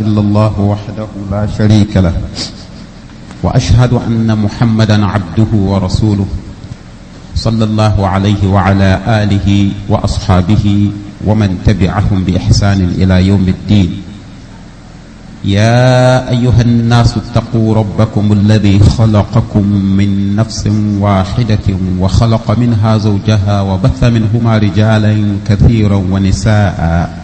إلا الله وحده لا شريك له وأشهد أن محمدا عبده ورسوله صلى الله عليه وعلى آله وأصحابه ومن تبعهم بإحسان إلى يوم الدين يا أيها الناس اتقوا ربكم الذي خلقكم من نفس واحدة وخلق منها زوجها وبث منهما رجالا كثيرا ونساء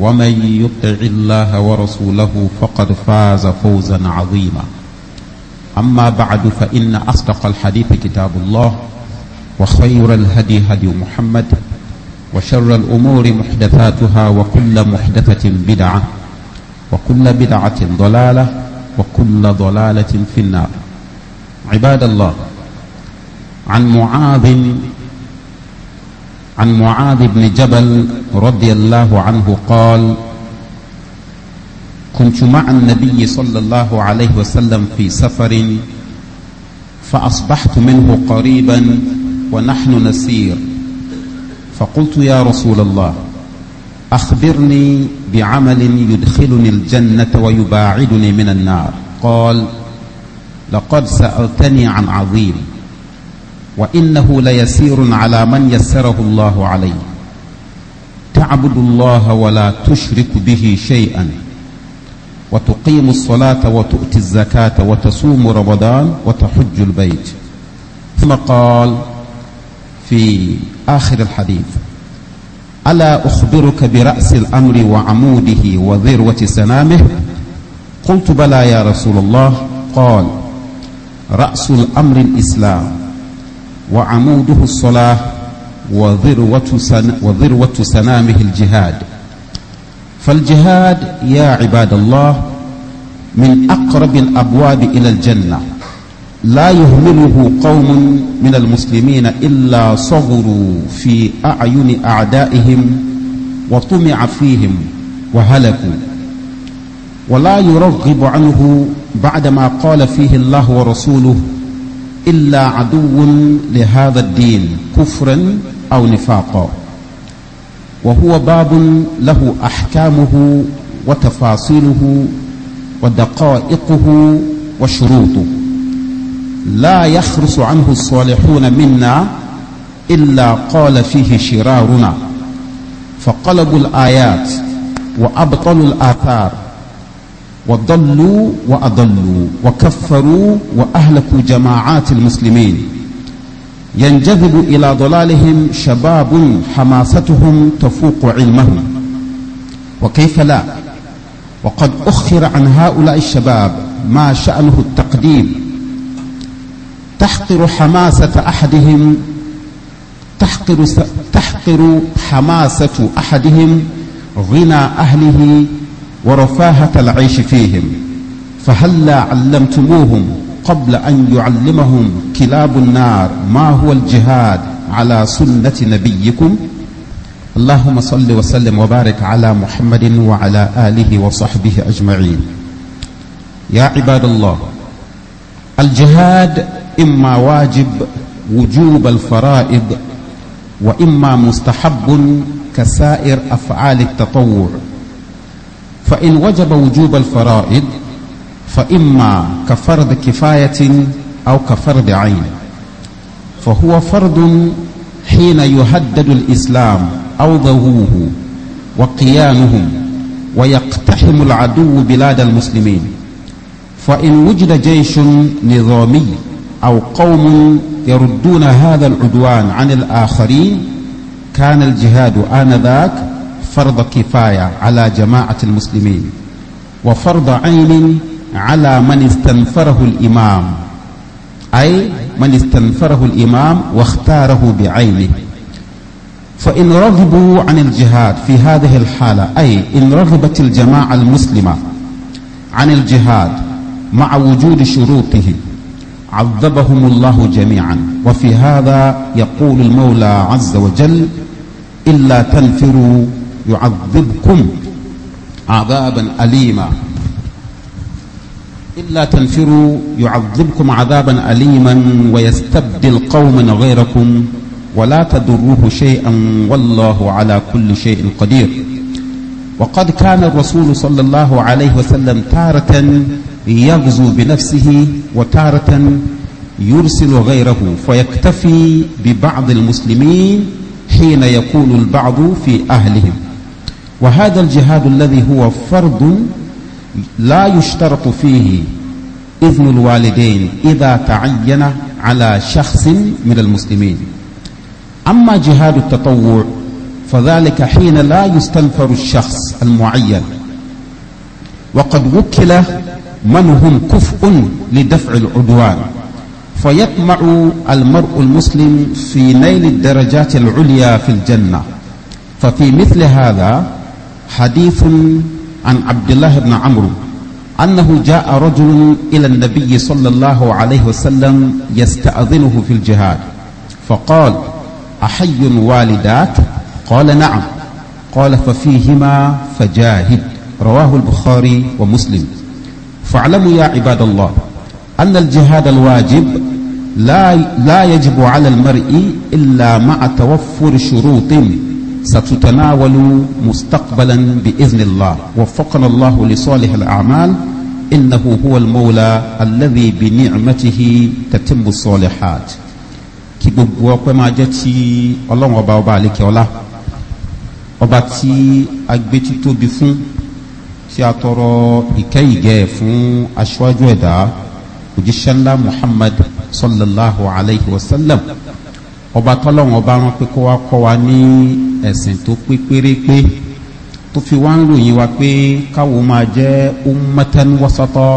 ومن يطع الله ورسوله فقد فاز فوزا عظيما أما بعد فإن أصدق الحديث كتاب الله وخير الهدي هدي محمد وشر الأمور محدثاتها وكل محدثة بدعة وكل بدعة ضلالة وكل ضلالة في النار عباد الله عن معاذ عن معاذ بن جبل رضي الله عنه قال كنت مع النبي صلى الله عليه وسلم في سفر فأصبحت منه قريبا ونحن نسير فقلت يا رسول الله أخبرني بعمل يدخلني الجنة ويباعدني من النار قال لقد سألتني عن عظيم وإنه ليسير على من يسره الله عليه تعبد الله ولا تشرك به شيئا وتقيم الصلاة وتؤتي الزكاة وتصوم رمضان وتحج البيت ثم قال في آخر الحديث ألا أخبرك برأس الأمر وعموده وذروة سنامه قلت بلى يا رسول الله قال رأس الأمر الإسلام وعموده الصلاة وذروة, سن وذروة سنامه الجهاد فالجهاد يا عباد الله من أقرب الأبواب إلى الجنة لا يهمله قوم من المسلمين إلا صغروا في أعين أعدائهم وطمع فيهم وهلكوا ولا يرغب عنه بعدما قال فيه الله ورسوله إلا عدو لهذا الدين كفرا أو نفاقا وهو باب له أحكامه وتفاصيله ودقائقه وشروطه لا يخرس عنه الصالحون منا إلا قال فيه شرارنا فقلبوا الآيات وأبطلوا الآثار وضلوا وأضلوا وكفروا وأهلكوا جماعات المسلمين ينجذب إلى ضلالهم شباب حماستهم تفوق علمهم وكيف لا وقد أخر عن هؤلاء الشباب ما شأنه التقديم تحقر حماسة أحدهم تحقر, تحقر حماسة أحدهم غنى أهله ورفاهة العيش فيهم فهلا علمتموهم قبل أن يعلمهم كلاب النار ما هو الجهاد على سنة نبيكم اللهم صل وسلم وبارك على محمد وعلى آله وصحبه أجمعين يا عباد الله الجهاد إما واجب وجوب الفرائض وإما مستحب كسائر أفعال التطوع فإن وجب وجوب الفرائض فإما كفرض كفاية أو كفرض عين فهو فرض حين يهدد الإسلام أو ضهوه وقيامهم ويقتحم العدو بلاد المسلمين فإن وجد جيش نظامي أو قوم يردون هذا العدوان عن الآخرين كان الجهاد آنذاك فرض كفاية على جماعة المسلمين وفرض عين على من استنفره الإمام أي من استنفره الإمام واختاره بعينه فإن رغبوا عن الجهاد في هذه الحالة أي إن رغبت الجماعة المسلمة عن الجهاد مع وجود شروطه عذبهم الله جميعا وفي هذا يقول المولى عز وجل إلا تنفروا يعذبكم عذابا أليما إلا تنفروا يعذبكم عذابا أليما ويستبدل قوما غيركم ولا تضروه شيئا والله على كل شيء قدير وقد كان الرسول صلى الله عليه وسلم تارة يغزو بنفسه وتارة يرسل غيره فيكتفي ببعض المسلمين حين يكون البعض في أهلهم وهذا الجهاد الذي هو فرض لا يشترط فيه إذن الوالدين إذا تعين على شخص من المسلمين أما جهاد التطوع فذلك حين لا يستنفر الشخص المعين وقد وكل من هم كفء لدفع العدوان فيطمع المرء المسلم في نيل الدرجات العليا في الجنة ففي مثل هذا حديث عن عبد الله بن عمرو أنه جاء رجل إلى النبي صلى الله عليه وسلم يستأذنه في الجهاد فقال أحي والدات قال نعم قال ففيهما فجاهد رواه البخاري ومسلم فاعلموا يا عباد الله أن الجهاد الواجب لا لا يجب على المرء إلا مع توفر شروط ستتناول مستقبلا بإذن الله وفقنا الله لصالح الأعمال إنه هو المولى الذي بنعمته تتم الصالحات kí gbogbo ọpẹ́ máa jẹ́ ti ọlọ́run ọba ọba àlékè ọlá ọba tí a gbé títóbi fún tí a tọrọ ìkẹyìgẹ fún aṣáájú ẹ̀dá òjíṣẹ́ ńlá muhammad sallallahu alayhi wa sallam ọba tọ́lọ́wọ́n ọba rán pé kó wá kọ́ wa ní ẹ̀sìn tó pé pérépé tó fi wá ń ròyìn wa pé káwo máa jẹ́ ummatan wasatọ́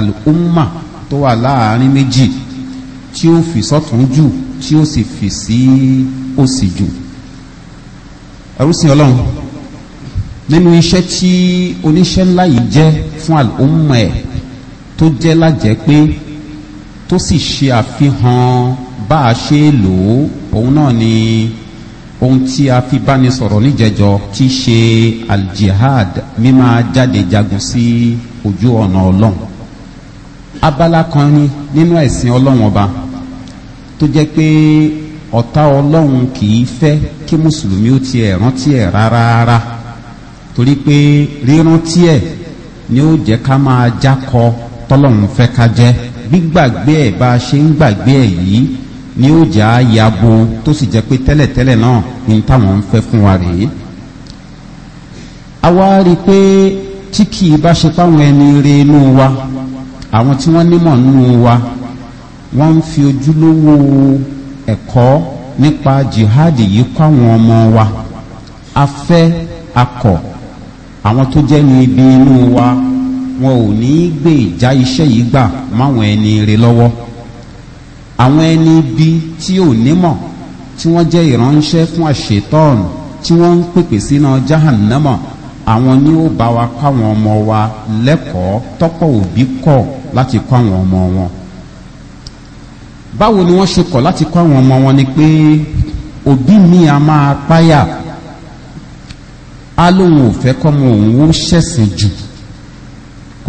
al-umma tó wà láàrin méjì tí ó fi sọ́tún jù tí ó sì fi sí òsì jù ẹrúsìn ọlọ́run nínú iṣẹ́ tí oníṣẹ́ ńlá yìí jẹ́ fún al ẹ̀ tó jẹ́ lájẹ́ pé tó sì ṣe àfihàn bá a ṣe lò ó òun náà ni ohun tí a fi bá ní sọ̀rọ̀ níjẹjọ tí ṣe aljihad mímá jáde jagun sí ojú ọ̀nà ọlọ́run abala kan ni nínú ẹ̀sìn ọlọ́run ọba tó jẹ́ pé ọ̀tá ọlọ́run kì í fẹ́ kí mùsùlùmí ó tiẹ̀ rántí ẹ̀ rárá torí pé rírántí ẹ̀ ni ó jẹ́ ká máa jákọ tọ́lọ́run fẹ́ ká jẹ́ gbígbàgbé ẹ̀ bá a ṣe ń gbàgbé ẹ̀ yìí ni ó jà á yabo tó sì jẹ́ pé tẹ́lẹ̀tẹ́lẹ̀ náà ní táwọn ń fẹ́ fún wa rèé a wá rí i pé tí kì í bá ṣe páwọn ẹni re inú wa àwọn tí wọ́n nímọ̀ nínú wa wọ́n ń fi ojúlówó ẹ̀kọ́ nípa jihadi yìí kọ́ àwọn ọmọ wa afẹ́ akọ̀ àwọn tó jẹ́ ní ibi inú wa wọn ò ní í gbé ìjà iṣẹ́ yìí gbà máwọn ẹni re lọ́wọ́ àwọn ẹni bí tí ò nímọ̀ tí wọ́n jẹ́ ìránṣẹ́ fún àṣetọ́ọ̀nù tí wọ́n ń pèpè sínú jahannama àwọn ni ó bá wa kọ́ àwọn ọmọ wa lẹ́kọ̀ọ́ tọ́pọ̀ òbí kọ̀ láti kọ́ àwọn ọmọ wọn báwo ni wọ́n ṣe kọ̀ láti kọ́ àwọn ọmọ wọn ni pé òbí mi a máa páyà á lóun ò fẹ́ kọ́ ọmọ òun ó ṣẹ̀sìn jù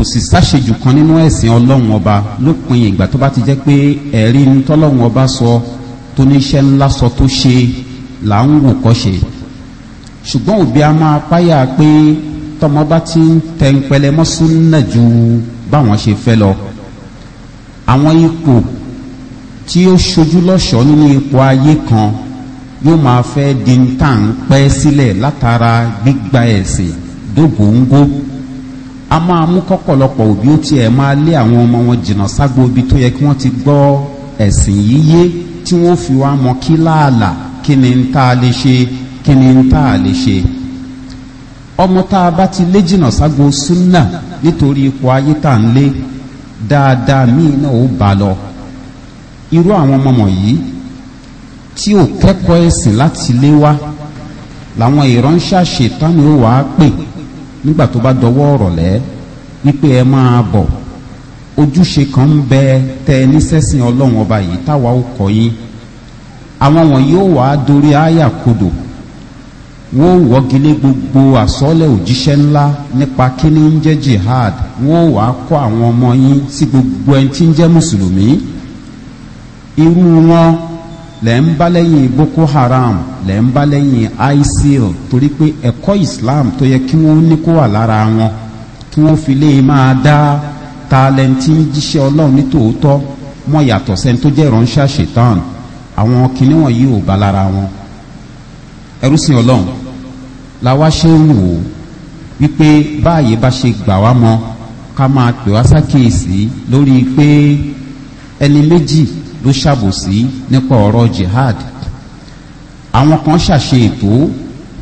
kò sì sáṣejù kan nínú ẹ̀sìn ọlọ́run ọba lópin ìgbà tó bá ti jẹ́ pé ẹ̀rí ní tọ́lọ́run ọba sọ tó níṣẹ́ ńlá sọ tó ṣe là ń wò kọ́ ṣe ṣùgbọ́n òbí a máa páyà pé tọmọ bá ti ń tẹ ń pẹlẹ mọ́sú nà ju báwọn ṣe fẹ́ lọ àwọn ipò tí ó ṣojú lọ́ṣọ̀ọ́ nínú ipò ayé kan yóò máa fẹ́ di ń tà ń pẹ́ sílẹ̀ látara gbígba ẹ̀sìn dógóńgó a máa mú kọ́pọ̀lọpọ̀ òbí ó tiẹ̀ máa lé àwọn ọmọ wọn jìnnà ságbo ibi tó yẹ kí wọ́n ti gbọ́ ẹ̀sìn yíyé tí wọ́n fi wá mọ kí láàlà kí ni ń tá a lè ṣe kí ni ń tá a lè ṣe ọmọ tá a bá ti lé jìnnà ságbo súnà nítorí ipò ayé tá à ń lé dáadáa míì náà ó bá lọ irú àwọn ọmọ wọ̀nyí tí ò kẹ́kọ̀ọ́ ẹ̀sìn láti lé wá làwọn ìránṣẹ́ àṣetánù wàá pè é nígbà tó bá dọwọ́ ọ̀rọ̀ lẹ́ wípé ẹ máa bọ̀ ojúṣe kan ń bẹ tẹ ní sẹ́sìn ọlọ́run ọba yìí táwa ó kọ yín àwọn wọ̀nyí ó wàá dorí àyà kodò wọ́n ó wọ́gilé gbogbo àsọ́lẹ̀ òjíṣẹ́ ńlá nípa kíní ń jẹ́ jihad wọ́n ó wàá kọ́ àwọn ọmọ yín gbogbo ẹni tí ń jẹ́ lẹ́ ń bá lẹ́yìn boko haram lẹ́ ń bá lẹ́yìn isil torí pé ẹ̀kọ́ islam tó yẹ kí wọ́n ní kó wà lára wọn kí wọ́n fi lè máa dá talẹ́ntì jíṣẹ́ ọlọ́run ní tòótọ́ mọ́ yàtọ̀ sẹ́ni tó jẹ́ ìránṣẹ́ àṣetán àwọn kinní wọ̀nyí ò bá lára wọn ẹrú sin ọlọ́run làwa ṣe ń wò ó wípé báàyè bá ṣe gbà wá mọ ká máa pè wá sákèésí lórí pé ẹni méjì ló ṣàbòsí nípa ọ̀rọ̀ jihad àwọn kan ṣàṣe ètò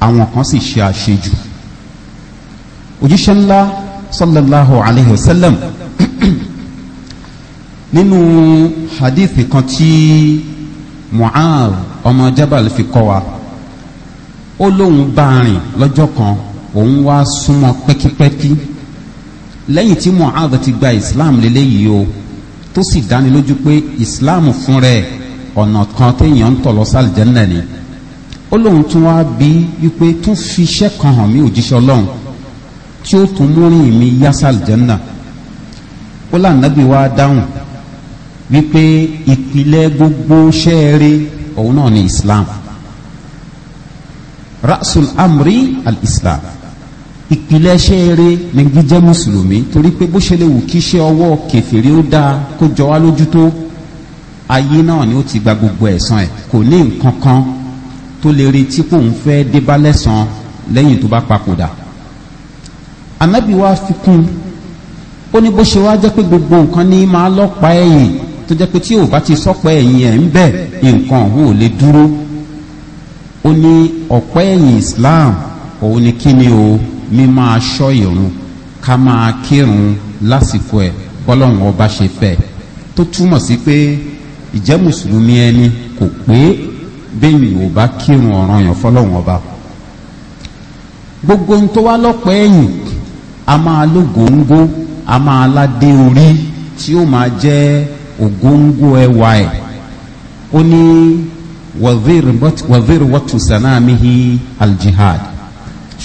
àwọn kan sì ṣe àṣejù òjíṣẹ́ ńlá sallallahu alayhi wa sallam nínú hadithi kan tí mu'ar ọmọ jabal fi kọ́ wa ó lóun bá a rìn lọ́jọ́ kan òun wá súnmọ́ pẹ́kípẹ́kí lẹ́yìn tí mu'ar ti gba islam lélẹ́yìí o tó sì dáni lójú pé ìsìláàmù fún rẹ̀ ọ̀nà kan téèyàn ń tọ̀ lọ sálìjẹ́nà ni ó lóun tún wá bí wípé tún fi iṣẹ́ kan hàn mí òjíṣẹ́ ọlọ́run tí ó tún múrin mi yá sálìjẹ́nà ó lànàbí wá dáhùn wípé ìpìlẹ̀ gbogbo ṣẹ́ẹ̀rẹ́ òun náà ni islam rasul amri al-islam ìpìlẹ̀ ṣẹ́ eré ní jíjẹ́ mùsùlùmí torí pé bó ṣe lè wù kí ṣe ọwọ́ kẹfìrí ó dáa kó jọ wá lójú tó ayé náà ni ó ti gba gbogbo ẹ̀san ẹ̀ kò ní nǹkan kan tó lè retí kó ń fẹ́ débá lẹ́san lẹ́yìn tó bá papòdà anábì wa fi kún ó ní bó ṣe wá jẹ́ pé gbogbo nǹkan ní máa lọ́pàá ẹ̀yìn tó jẹ́ pé tí ò bá ti sọ́pàá ẹ̀yìn ẹ̀ ń bẹ̀ nǹkan ò lè dúró ó ní ọ̀pẹ́ ẹ̀yìn islam òun ni kí ni o mímọ́ aṣọ ìrun ká máa kírun lásìkò ẹ̀ bọ́lọ́run ọba ṣe fẹ́ tó túmọ̀ sí pé ìjẹ́ mùsùlùmí ẹni kò pé bẹ́ẹ̀ni ò bá kírun ọ̀ràn yàn fọ́lọ́run ọba gbogbo ohun tó wá lọ́pọ̀ ẹ̀yìn a máa ló góńgó a máa ládé orí tí ó máa jẹ́ ògóńgó ẹwà ẹ̀ ó ní wàzír wàtúnsánámihi aljihad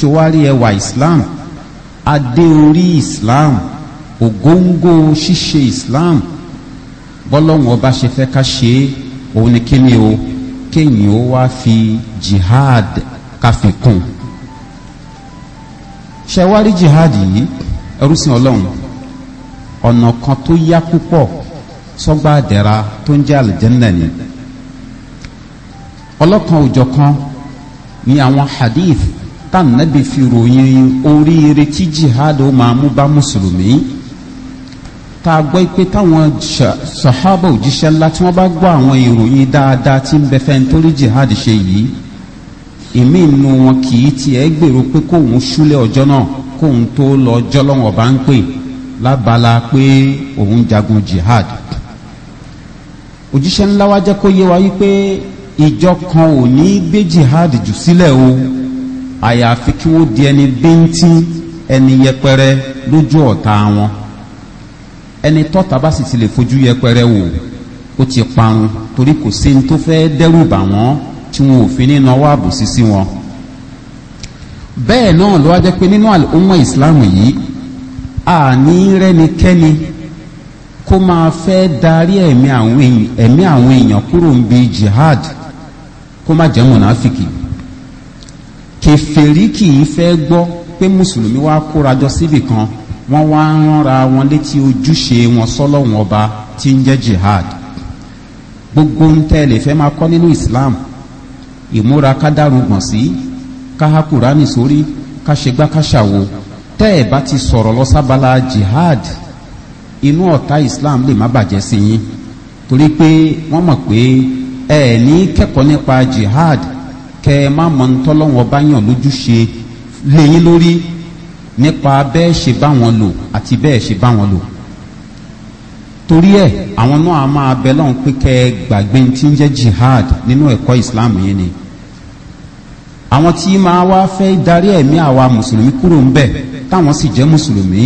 ṣòwárí ẹwà islam adé orí islam ògóńgó ṣíṣe islam bọ́lọ́hún ọba ṣe fẹ́ ká ṣe é òun ni kí ni o kéyìn ó wá fi jihad ká fi kún ṣẹwárí jihad yìí ẹrúsìn ọlọ́run ọ̀nà kan tó yá púpọ̀ sọ́gbà àdẹ̀ra tó ń jẹ́ àlìjẹ́ńdà ni ọlọ́kan òjọ̀kan ni àwọn hadith tánàbí fi ròyìn oríire tí jihad ó máa mú bá mùsùlùmí tá a gbọ́ pé táwọn sahaba òjíṣẹ́ ńlá tí wọ́n bá gbọ́ àwọn ìròyìn dáadáa tí ń bẹ fẹ́ nítorí jihad ṣe yìí ìmí inú wọn kì í tiẹ̀ gbèrò pé kóun ṣúlẹ̀ ọjọ́ náà kóun tó lọ jọ́lọ́wọ́n bá ń pè lábala pé òun jagun jihad òjíṣẹ́ ńlá wa jẹ́ kó yé wa yí pé ìjọ kan ò ní gbé jihad jù sílẹ̀ o àyàfi kí wọ́n di ẹni bíntín ẹni yẹpẹrẹ lójú ọ̀tá wọn ẹni tọ́ta bá sì ti lè fojú yẹpẹrẹ wò ó ti parun torí kò sí ní tó fẹ́ dẹ́rù bà wọ́n tí wọn ò fi ní náwó àbòsí sí wọn bẹ́ẹ̀ náà ló wá jẹ́ pé nínú àlùmọ́ ìsìláàmù yìí àní rẹ́nikẹ́ni kó máa fẹ́ darí ẹ̀mí àwọn èèyàn kúrò ń bi jihad kó má jẹ́ mọ̀nàfìkì kèfèrí kì í fẹ́ gbọ́ pé mùsùlùmí wá kórajọ síbì kan wọ́n wá ránra wọn létí ojúṣe wọn sọ́lọ́hún ọba tí ń jẹ́ jihad gbogbo ń tẹ́lẹ̀ fẹ́ máa kọ́ nínú islam ìmúra kádàrúgbọ̀n sí káhá kùránì sórí káṣegbákáṣàwo tẹ́ ẹ̀ bá ti sọ̀rọ̀ lọ sábala jihad inú ọ̀tá islam lè má bàjẹ́ sí yín torí pé wọ́n mọ̀ pé ẹ̀ ní kẹ́kọ̀ọ́ nípa jihad kẹ ẹ má mọ ntọ́lọ́wọ́ bá yàn lójúṣe léyìn lórí nípa bẹ́ẹ̀ ṣe bá wọn lò àti bẹ́ẹ̀ ṣe bá wọn lò torí ẹ àwọn náà a máa bẹ lọ́hùn pé kẹ ẹ gbàgbé tí ń jẹ́ jihad nínú ẹ̀kọ́ ìsìláàmù yẹn ni àwọn tí máa wá fẹ́ darí ẹ̀mí àwa mùsùlùmí kúrò ń bẹ̀ táwọn sì jẹ́ mùsùlùmí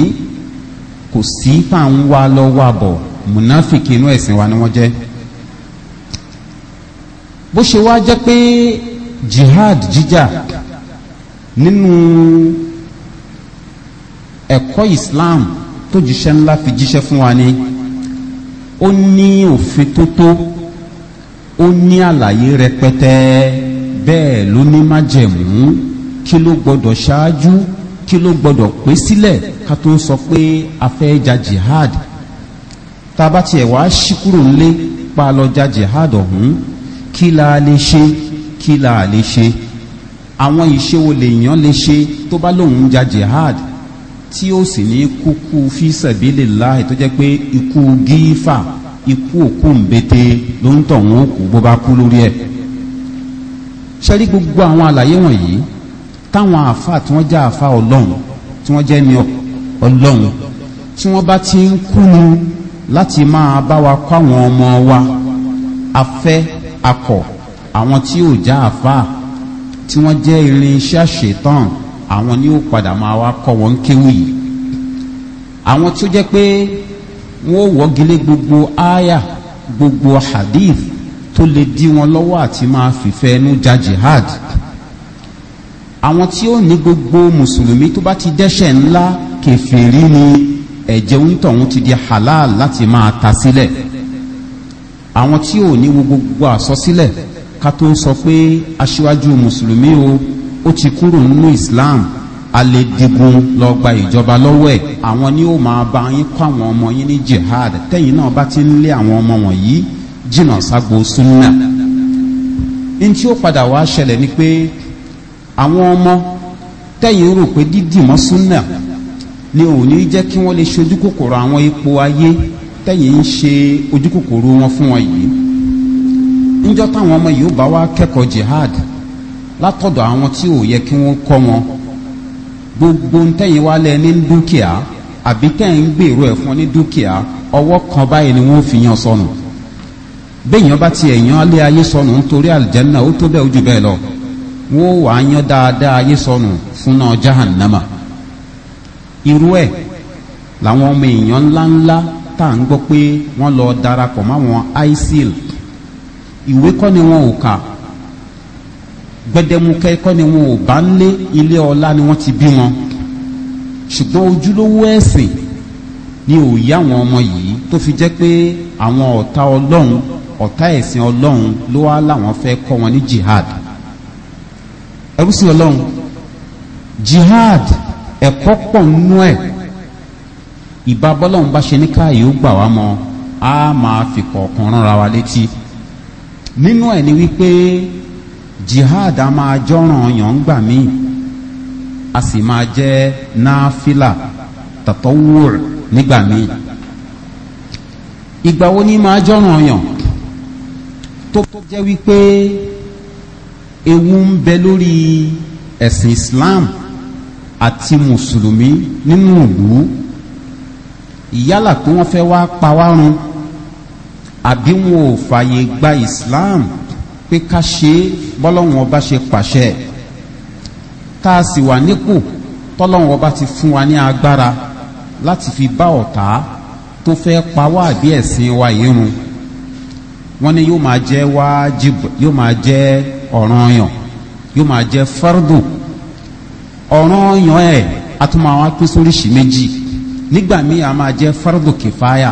kò sí fà ń wá lọ́wọ́ àbọ̀ mùnáfìkì inú ẹ̀sìn wa ni wọ́n jẹ́ bó ṣe wá jẹ́ pé jihad jíjà nínú ẹ̀kọ́ islam tó jíṣẹ́ ńlá fi jíṣẹ́ fún wa ni ó ní òfin tó tó ó ní àlàyé rẹpẹtẹ bẹ́ẹ̀ ló ní májẹ̀mú kí ló gbọ́dọ̀ ṣáájú kí ló gbọ́dọ̀ pé sílẹ̀ ká tó sọ pé a fẹ́ ja jihad tá a bá tiẹ̀ wá ṣí kúrò ńlé pa lọ ja jihad ọ̀hún kí la lè ṣe kí la lè ṣe àwọn ìṣèwò lèèyàn lè ṣe tó bá lòun ja jihad tí ó sì ní kúkú fi sẹ̀bílẹ̀ láì tó jẹ́ pé ikú gífà ikú òkú ńbete ló ń tọ̀hún òkú bó bá kú lórí ẹ̀ ṣẹ́rí gbogbo àwọn àlàyé wọ̀nyí táwọn àfa tí wọ́n jẹ́ àfa ọlọ́run tí wọ́n jẹ́ ní ọlọ́run tí wọ́n bá ti ń kúnu láti máa bá wa kọ́ àwọn ọmọ wa afẹ́ akọ̀ àwọn tí ò já àfa tí wọ́n jẹ́ irinṣẹ́ ṣetán àwọn ni ó padà máa wá kọ́ wọn kéwì àwọn tó jẹ́ pé wọ́n wọ́gilé gbogbo aya gbogbo hadith tó lè dí wọn lọ́wọ́ àti máa fìfẹ́ ẹnu ja jihad àwọn tí ó ní gbogbo mùsùlùmí tó bá ti dẹ́ṣẹ̀ ńlá kẹfìrí ni ẹ̀jẹ̀ oúntọ̀hún ti di halal láti máa ta sílẹ̀ àwọn tí ò ní wo gbogbo àsọsílẹ̀ ká tó sọ pé aṣíwájú mùsùlùmí o ó ti kúrò nínú islam a lè digun lọ gba ìjọba lọ́wọ́ ẹ̀ àwọn ni ó máa bá yín kọ́ àwọn ọmọ yín ní jihad tẹ́yìn náà bá ti ń lé àwọn ọmọ wọ̀nyí jìnnà ságbo sunna ní tí ó padà wá ṣẹlẹ̀ ni pé àwọn ọmọ tẹ́yìn rò pé dídìmọ́ súnà ni ò ní jẹ́ kí wọ́n lè ṣe ojúkòkòrò àwọn ipò ayé tẹ́yìn ń ṣe ojúkòkòrò wọn fún wọn yìí níjọ́ táwọn ọmọ yìí ó bá wá kẹ́kọ̀ọ́ jihad látọ̀dọ̀ àwọn tí ò yẹ kí wọ́n kọ́ wọn gbogbo ntẹ́yìn wálẹ̀ ní dúkìá àbí tẹ́yìn gbèrò ẹ̀ fún ní dúkìá ọwọ́ kan báyìí ni wọ́n fi yan sọnù béèyàn bá tiẹ̀ yan alẹ́ ayé sọnù nítorí àlìjẹ́nà ó tó bẹ́ẹ̀ ojú bẹ́ẹ̀ lọ wọ́n wà á yan dáadáa ayé sọnù fún náà jahannama irú ẹ̀ làwọn ọmọ èèyàn ńláńlá tá à ń gbọ́ pé wọ́n lọ darapọ̀ máwọn isil ìwé kọ́ ni wọn ò kà gbẹdẹmukẹ kọ́ ni wọn ò bá ń lé ilé ọlá ni wọ́n ti bí wọn ṣùgbọ́n ojúlówó ẹ̀sìn ni ò yá àwọn ọmọ yìí tó fi jẹ́ pé àwọn ọ̀tá ọlọ́run ọ̀tá ẹ̀sìn ọlọ́run ló wá láwọn fẹ́ kọ́ wọn ní jihad ẹrú sí ọlọ́run jihad ẹ̀kọ́ pọ̀ nínú ẹ̀ ìbá bọ́lọ́run bá ṣe ní káàyè gbà wá mọ́ a máa fi kọ̀ọ̀kan rán ra wa létí nínú ẹ̀ ni wípé jihad a máa jọ́ràn yàn gbà míì a sì máa jẹ́ náfìlà tàtọ́wùr nígbà míì ìgbà wo ni máa jọ́ràn yàn tó jẹ́ wípé ewu ń bẹ lórí ẹ̀sìn islam àti mùsùlùmí nínú ìlú yálà pé wọ́n fẹ́ wá pa wá run àbí wọn ò fààyè gba islam pé ká ṣe bọ́lọ́wọ́n ọba ṣe pàṣẹ tá a sì wà nípò tọ́lọ́wọ́n ọba ti fún wa ní agbára láti fi bá ọ̀tá tó fẹ́ pa wá àbí ẹ̀sìn wa yìí run wọ́n ní yóò máa jẹ́ wájib yóò máa jẹ́ ọ̀ranyàn yóò máa jẹ́ fardu ọ̀ranyàn ẹ̀ a tún máa méjì nígbà míì a máa jẹ́ fardu kìfáyà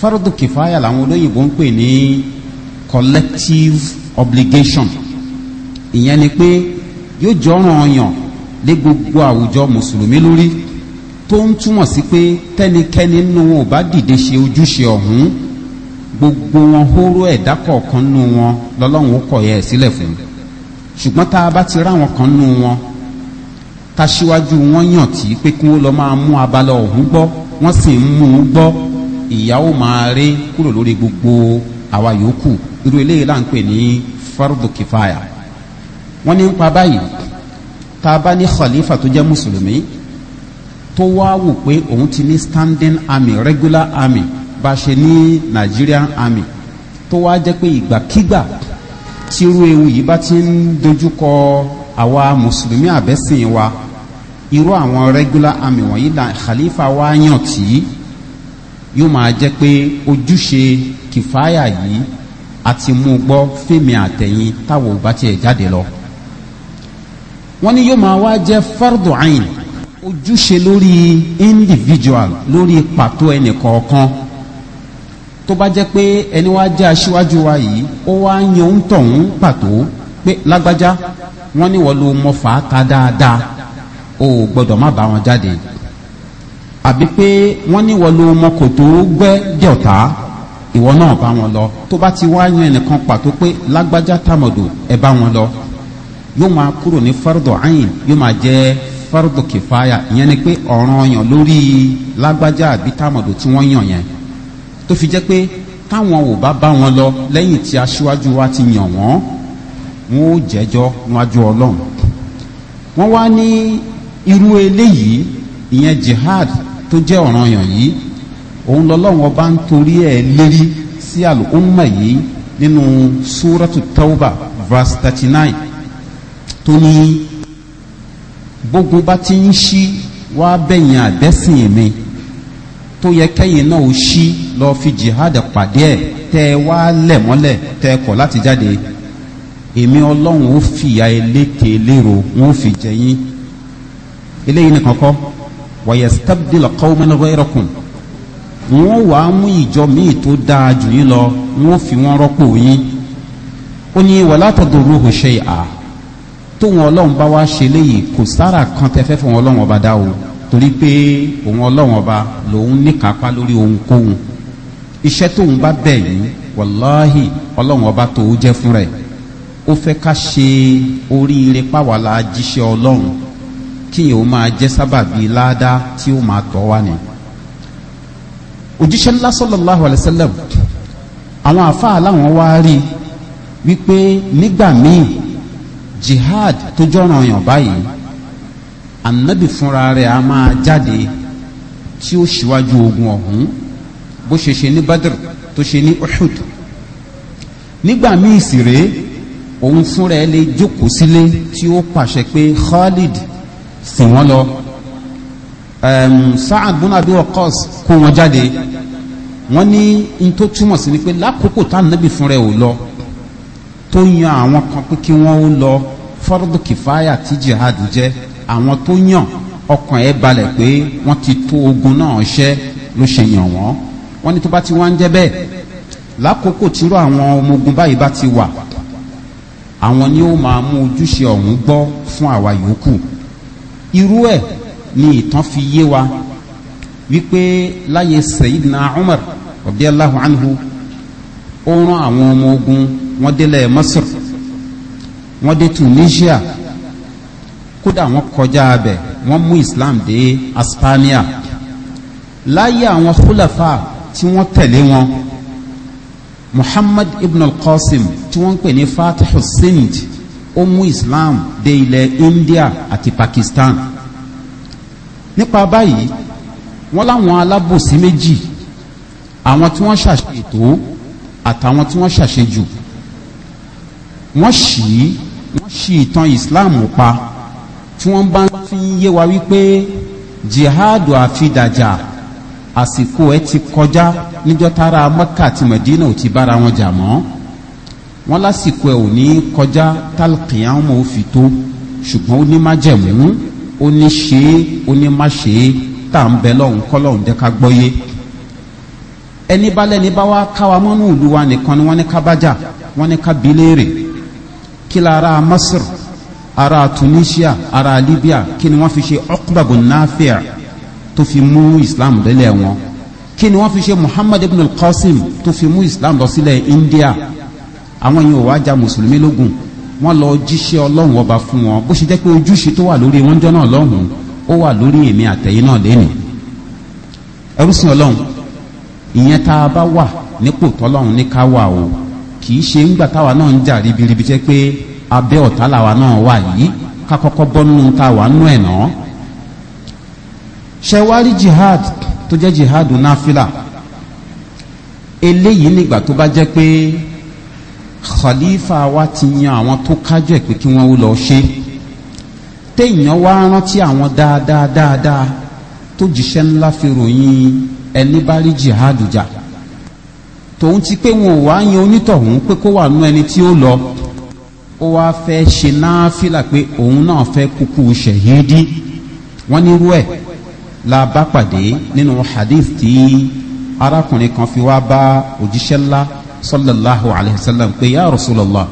fardu kìfáyà làwọn olóyìnbó ń pè ní collective obligation ìyẹn ni pé yóò jọ́ràn ọyàn lé gbogbo àwùjọ mùsùlùmí lórí tó ń túmọ̀ sí pé tẹ́nikẹ́ni nínú wọn ò bá dìde ṣe ojúṣe ọ̀hún gbogbo wọn hóró ẹ̀dá kọ̀ọ̀kan nínú wọn lọ́lọ́run ó kọ̀ yẹ ẹ̀ sílẹ̀ fún un ṣùgbọ́n tá a bá ti ráwọn kan nínú wọn taṣíwájú wọn yàn tí pé kí wọ́n lọ máa mú abala ọ̀hún gbọ́ wọ́n sì ń mú un gbọ́ ìyàwó máa rí kúrò lórí gbogbo àwa yòókù irú eléyìí là ń pè ní fardu kifaya wọ́n ní ń pa báyìí tá a bá ní khalifa tó jẹ́ mùsùlùmí tó wá wò pé òun ti ní standing army regular army bá a ṣe ní Nigerian army tó wá jẹ́ pé ìgbàkígbà tí irú ewu yìí bá ti ń dojúkọ àwa mùsùlùmí àbẹ́sìn wa irú àwọn regular army wọ̀nyí là khalifa wa yàn tì í yóò máa jẹ́ pé ojúṣe kìfáyà yìí àti mú gbọ́ fèmí àtẹ̀yìn táwọn ò bá tiẹ̀ jáde lọ wọ́n ní yóò máa wá jẹ́ fardo ain ojúṣe lórí individual lórí pàtó ẹnì kọ̀ọ̀kan tó bá jẹ́ pé ẹni wá jẹ́ aṣíwájú wa yìí ó wá yan ń tọ̀hún pàtó pé lágbájá wọ́n ní wọ́n lo mọ̀fà ká dáadáa o ò gbọ́dọ̀ má bá wọn jáde àbí pé wọ́n ní wọ́n lo mọ́kò tó gbẹ́ jọ̀tá ìwọ náà bá wọn lọ tó bá ti wá yan ẹnìkan pàtó pé lágbájá tàmọ̀dò ẹ bá wọn lọ yóò máa kúrò ní fardo ayin yóò máa jẹ́ fardo kìfáyà ìyẹn ni pé ọ̀ràn ọyàn lórí lágbájá àbí tàmọ̀dò tí wọ́n yàn yẹn tó fi jẹ́ pé táwọn ò bá bá wọn lọ lẹ́yìn tí aṣíwájú wa ti yàn wọ́n wọn ó jẹ́jọ́ níwájú ọlọ́run wọ́n wá ní irú eléyìí ìyẹn jihad tó jẹ́ ọ̀ranyàn yìí òun lọ́lọ́run ọba ń torí ẹ̀ lérí sí àlùkùnmà yìí nínú súrọ́tù tauba verse thirty nine tó ní gbogbo bá ti ń ṣí wá bẹ̀yìn àdẹ́sìn mi tó yẹ kẹ́yìn náà ó ṣí lọ́ọ́ fi jihad pàdé ẹ̀ tẹ́ ẹ wá lẹ̀ mọ́lẹ̀ tẹ́ ẹ kọ̀ láti jáde èmi ọlọ́run ó fìyà eléke lérò wọn ó fi jẹ yín eléyìí nìkan kọ́ wàyẹ̀sítábìdìlà kọ́wọ́mẹ́lẹ́ rẹ́rọ̀kùn wọ́n wà á mú ìjọ míì tó dáa jù yín lọ wọ́n fi wọ́n rọ́pò yín ó ní wàlátọ̀dọ̀ ruhu ṣe à tóun ọlọ́run bá wá ṣe léyìí kò sára kan tẹ́ fẹ́ fún ọlọ́run ọba dá o torí pé òun ọlọ́run ọba lòun níkàápá lórí ohunkóhun iṣẹ́ tóun bá bẹ̀ yìí wàláhì ọlọ́run ọba tó jẹ́ fún rẹ̀ ó fẹ́ ká ṣe oríire páwa la jíṣẹ́ ọlọ́run kíyàn ó máa jẹ́ sábàbí ládàá tí ó máa tọ́ wá ni. òjíṣẹ́ ńlá sallallahu alaihi wasallam àwọn àfáà làwọn wá rí wípé nígbà míì jihad tó jọ́ràn yàn báyìí ànábì fúnra rẹ̀ a máa jáde tí ó ṣíwájú ogun ọ̀hún bó ṣe ṣe ní badr tó ṣe ní uhud nígbà míì sì rèé òun fúnra ẹ lè jókòó sílé tí ó pàṣẹ pé khalid sìn wọ́n lọ Sa'ad bin Abi Waqqas kó wọn jáde wọ́n ní n tó túmọ̀ sí ni pé lákòókò tá nàbì fún rẹ̀ ò lọ tó yan àwọn kan pé kí wọ́n ó lọ fardu kìfáyà tí jihad jẹ́ àwọn tó yàn ọkàn ẹ̀ balẹ̀ pé wọ́n ti tó ogun náà ṣẹ́ ló ṣe yàn wọ́n wọ́n ní tó bá ti wá ń jẹ́ bẹ́ẹ̀ lákòókò tíró àwọn ọmọ ogun báyìí bá ti wà àwọn ni ó máa mú ojúṣe ọ̀hún gbọ́ fún àwa yòókù irú ẹ̀ ni ìtàn fi yé wa wípé láyé sayidina umar radiyallahu anhu ó rán àwọn ọmọ ogun wọ́n délẹ̀ masr wọ́n dé tunisia kódà wọ́n kọjá abẹ wọ́n mú islam dé aspania láyé àwọn khulafa tí wọ́n tẹ̀lé wọn muhammad ibn al-qasim tí wọ́n ń pè ní fatihu sindh ó mú islam dé ilẹ̀ india àti pakistan nípa báyìí wọ́n láwọn alábòsí méjì àwọn tí wọ́n ṣàṣe tó àtàwọn tí wọ́n ṣàṣe jù wọ́n ṣì wọ́n ṣì ìtàn islam pa tí wọ́n bá fi ń yé wa wípé jihadu àfidàjà àsìkò ẹ ti kọjá níjọ́ tára mọ́kà àti mẹ̀dínà ò ti bára wọn jà mọ́ wọ́n lásìkò ẹ̀ ò ní kọjá tálkìyàmù ó fi tó ṣùgbọ́n ó ní má jẹ̀mú ó ní ṣe é ó ní má ṣe é tá à ń bẹ lọ́hùn kọ́lọ́hùn jẹ́ ká gbọ́yé ẹni bá lẹ́ni bá wá káwa mọ́nú ìlú wa nìkan ni wọ́n ní ká bájà wọ́n ní ká bí léèrè kí la ara masr ara tunisia ara libya kí ni wọ́n fi ṣe ọkùbàbù náfíà tó fi mú islam délẹ̀ wọn kí ni wọ́n fi ṣe muhammad ibn al-qasim tó fi mú islam lọ sílẹ̀ india àwọn yẹn ò wá ja mùsùlùmí lógun wọ́n lọ jíṣẹ́ ọlọ́run ọba fún wọn bó ṣe jẹ́ pé ojúṣe tó wà lórí wọn jọ́ náà lọ́hùn ó wà lórí èmi àtẹ̀yìn náà lẹ́nu ẹrúsìn ọlọ́run ìyẹn tá a bá wà nípò tọ́lọ́run ní ká wà o kì í ṣe ńgbà táwa náà ń jà ribiribi jẹ́ pé abẹ́ ọ̀tá làwa náà wà yìí ká kọ́kọ́ bọ́ nínú táwa nú ẹ̀ náà ṣẹwárí jihad tó jẹ́ jihad náfìlà eléyìí nígbà tó bá jẹ́ pé khalifa wa ti yan àwọn tó kájọ ẹ̀ pé kí wọ́n ó lọ ṣe téèyàn wá rántí àwọn dáadáa dáadáa tó jíṣẹ́ ńlá fi ròyìn ẹni bá rí jihad jà tòun ti pé wọn ò wá yan onítọ̀hún pé kó wà nú ẹni tí ó lọ ó wá fẹ́ ṣe náà fìlà pé òun náà fẹ́ kúkú ṣẹ̀yídí wọ́n nírú ẹ̀ la bá pàdé nínú hadith tí arákùnrin kan fi wá bá òjíṣẹ́ ńlá sallallahu alayhi wa sallam pé ya rasulallah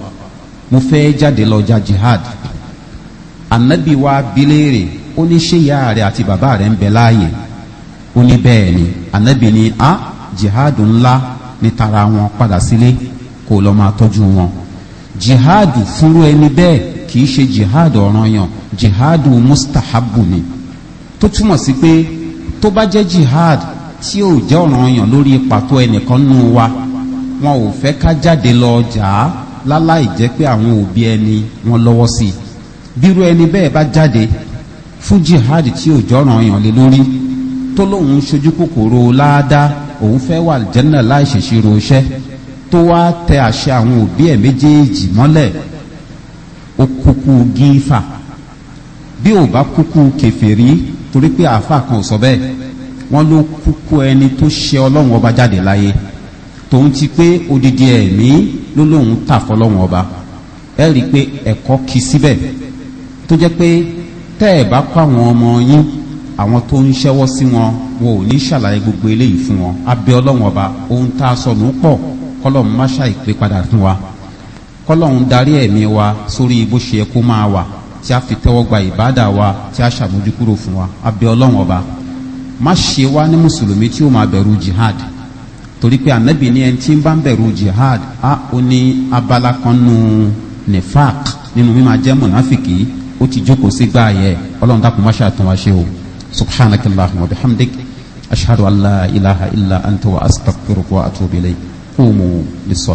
mo fẹ́ jáde lọ ja jihad anabi wa bilére ó ní ṣé ìyá rẹ àti bàbá rẹ ń bẹ láàyè ó ní bẹ́ẹ̀ ni anabi ni a jihad ńlá ní tara wọn padà sílé kó lọ máa tọ́jú wọn jihad fúnrú ẹni bẹ́ẹ̀ kì ṣe jihad ọ̀ranyàn jihad mustahabu ni tó túmọ̀ sí pé tó bá jẹ́ jihad tí ò jẹ́ ọ̀ranyàn lórí pàtó ẹnìkan nù wa wọn ò fẹ́ ká jáde lọ ọjà láláì jẹ́ pé àwọn òbí ẹni wọn lọ́wọ́ sí i bírú ẹni bẹ́ẹ̀ bá jáde fún jihad tí ò jọ́ràn èèyàn lé lórí tó lóun ṣojú kòkòrò ládàá òun fẹ́ wà jẹ́nà láì ṣèṣirò iṣẹ́ tó wá tẹ àṣẹ àwọn òbí ẹ̀ méjèèjì mọ́lẹ̀ ó kúkú gífà bí ò bá kúkú kẹfìrí torí pé àáfà kan sọ bẹ́ẹ̀ wọ́n ló kúkú ẹni tó ṣe ọlọ́run ọba jáde láyé tòun ti pé odidi ẹ̀mí ló lóun tà fọlọ́wọn ọba ẹ rí i pé ẹ̀kọ́ kì í síbẹ̀ tó jẹ́ pé tẹ́ ẹ̀ bá kọ́ àwọn ọmọ yín àwọn tó ń ṣẹ́wọ́ sí wọn wọn ò ní ṣàlàyé gbogbo eléyìí fún wọn abẹ́ ọlọ́wọ́n ọba ohun tá a sọnù pọ̀ kọ́lọ́hún má ṣàìpé padà fún wa kọ́lọ́hún darí ẹ̀mí wa sórí bó ṣe yẹ kó máa wà tí a fi tẹ́wọ́ gba ìbáàdà wa tí a ṣàmójúkúrò fún wa abẹ́ ọlọ́wọ́n ọba má ṣe wá ní mùsùlùmí tí ó máa bẹ̀rù jihad torí pé ànábì ní ẹni tí ń bá ń bẹ̀rù jihad á ó ní abala kan nù nifaq nínú mímọ ajẹ́ mọ̀náfìkì ó ti jókòó sí gbáàyẹ ọlọ́run dàkún má ṣàtún wá ṣe o subhanaka wa bihamdik ashhadu an la ilaha illa anta wa astaghfiruka wa atubu ilayk qumu bis